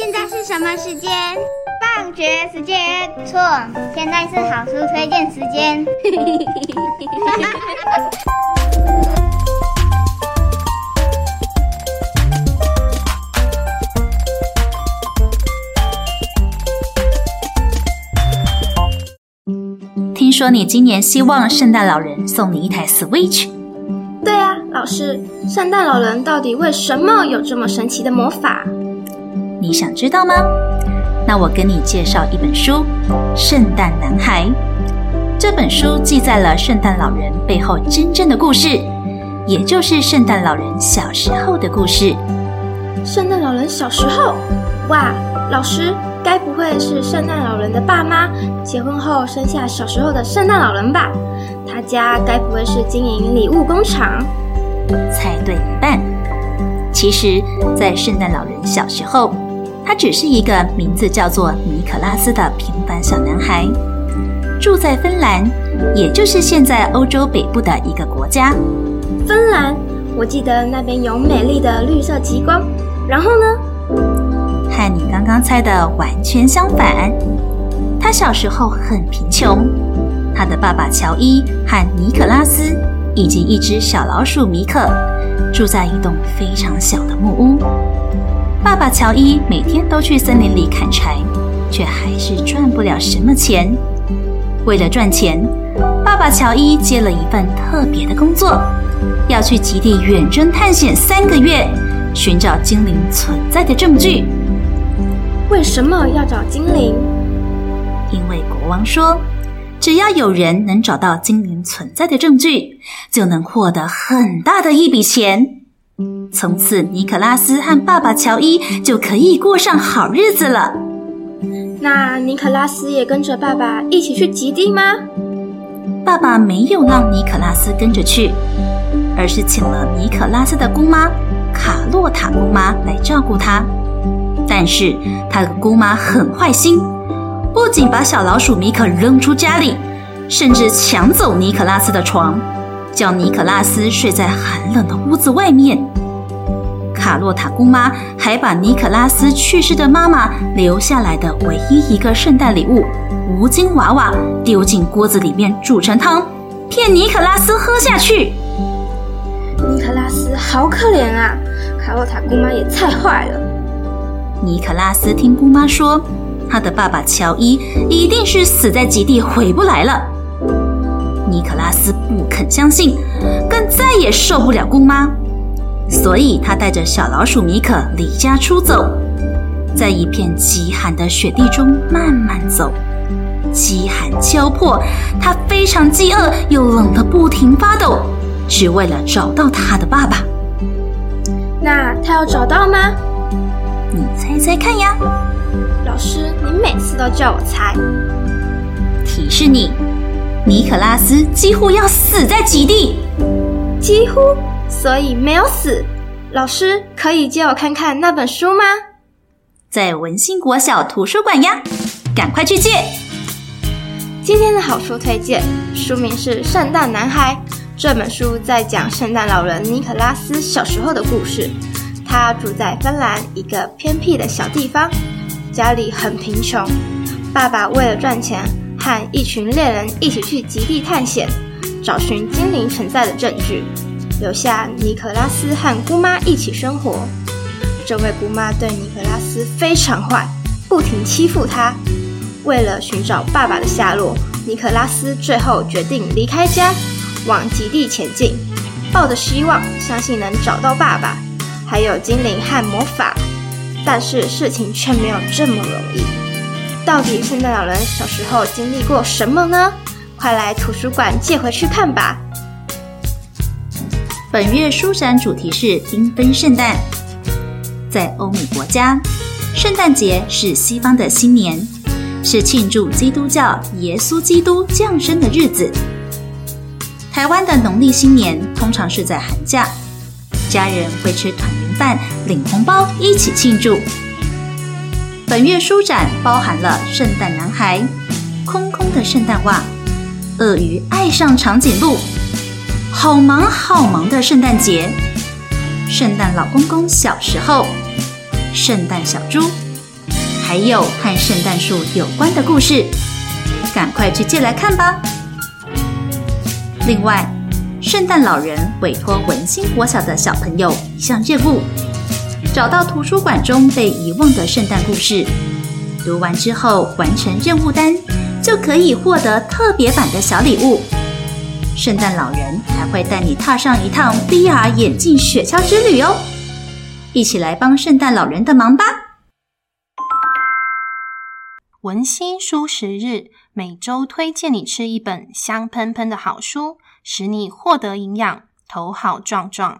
現在是什麼時間？放學時間。錯，現在是好書推薦時間。 聽說你今年希望聖誕老人送你一台 Switch。對啊，老師，聖誕老人到底為什麼有這麼神奇的魔法？你想知道嗎？那我跟你介紹一本書，《聖誕男孩》。這本書記載了聖誕老人背後真正的故事，也就是聖誕老人小時候的故事。聖誕老人小時候？哇，老師，該不會是聖誕老人的爸媽結婚後生下小時候的聖誕老人吧？他家該不會是經營禮物工廠？猜對一半。其實，在聖誕老人小時候，他只是一個名字叫做尼可拉斯的平凡小男孩，住在芬蘭，也就是現在歐洲北部的一個國家。芬蘭，我記得那邊有美麗的綠色極光。然後呢，和你剛剛猜的完全相反，他小時候很貧窮，他的爸爸喬伊和尼可拉斯以及一隻小老鼠米可，住在一棟非常小的木屋。爸爸喬伊每天都去森林裡砍柴，卻還是賺不了什麼錢。為了賺錢，爸爸喬伊接了一份特別的工作，要去極地遠征探險三個月，尋找精靈存在的證據。為什麼要找精靈？因為國王說，只要有人能找到精靈存在的證據，就能獲得很大的一筆錢。從此，尼克拉斯和爸爸喬伊就可以過上好日子了。那尼克拉斯也跟着爸爸一起去極地嗎？爸爸沒有讓尼克拉斯跟着去，而是請了尼克拉斯的姑媽卡洛塔姑媽來照顧他。但是他的姑媽很壞心，不僅把小老鼠米可扔出家裡，甚至搶走尼克拉斯的床。叫尼可拉斯睡在寒冷的屋子外面。卡洛塔姑媽還把尼可拉斯去世的媽媽留下來的唯一一個聖誕禮物——蕪菁娃娃，丟進鍋子裡面煮成湯，騙尼可拉斯喝下去。尼可拉斯好可憐啊！卡洛塔姑媽也太壞了。尼可拉斯聽姑媽說，他的爸爸喬伊一定是死在極地，回不來了。尼克拉斯不肯相信，更再也受不了姑媽，所以他帶着小老鼠米可離家出走，在一片極寒的雪地中慢慢走。飢寒交迫，他非常飢餓又冷得不停發抖，只為了找到他的爸爸。那他要找到嗎？你猜猜看呀，老師，你每次都叫我猜。提示你。尼可拉斯幾乎要死在極地，幾乎，所以沒有死。老師，可以借我看看那本書嗎？在文欣國小圖書館呀，趕快去借。今天的好書推薦，書名是《聖誕男孩》。這本書在講聖誕老人尼可拉斯小時候的故事。他住在芬蘭一個偏僻的小地方，家裡很貧窮，爸爸為了賺錢。和一群獵人一起去極地探險，找尋精靈存在的證據。留下尼可拉斯和姑媽一起生活。這位姑媽對尼可拉斯非常壞，不停欺負他。為了尋找爸爸的下落，尼可拉斯最後決定離開家，往極地前進，抱着希望，相信能找到爸爸，還有精靈和魔法。但是事情卻沒有這麼容易。到底聖誕老人小時候經歷過什麼呢？快來圖書館借回去看吧。本月書展主題是繽紛聖誕。在歐美國家，聖誕節是西方的新年，是慶祝基督教耶穌基督降生的日子。台灣的農曆新年通常是在寒假，家人會吃團圓飯、領紅包，一起慶祝。本月書展包含了《聖誕男孩》、《空空的聖誕襪》、《鱷魚愛上長頸鹿》、《好忙好忙的聖誕節》、《聖誕老公公小時候》、《聖誕小豬》，還有和聖誕樹有關的故事，趕快去借來看吧。另外，聖誕老人委托文欣國小的小朋友一項任務。找到圖書館中被遺忘的聖誕故事，讀完之後完成任務單，就可以獲得特別版的小禮物。聖誕老人還會帶你踏上一趟 VR 眼鏡雪橇之旅哦！一起來幫聖誕老人的忙吧！文欣書食日，每週推薦你吃一本香噴噴的好書，使你獲得營養，頭好壯壯。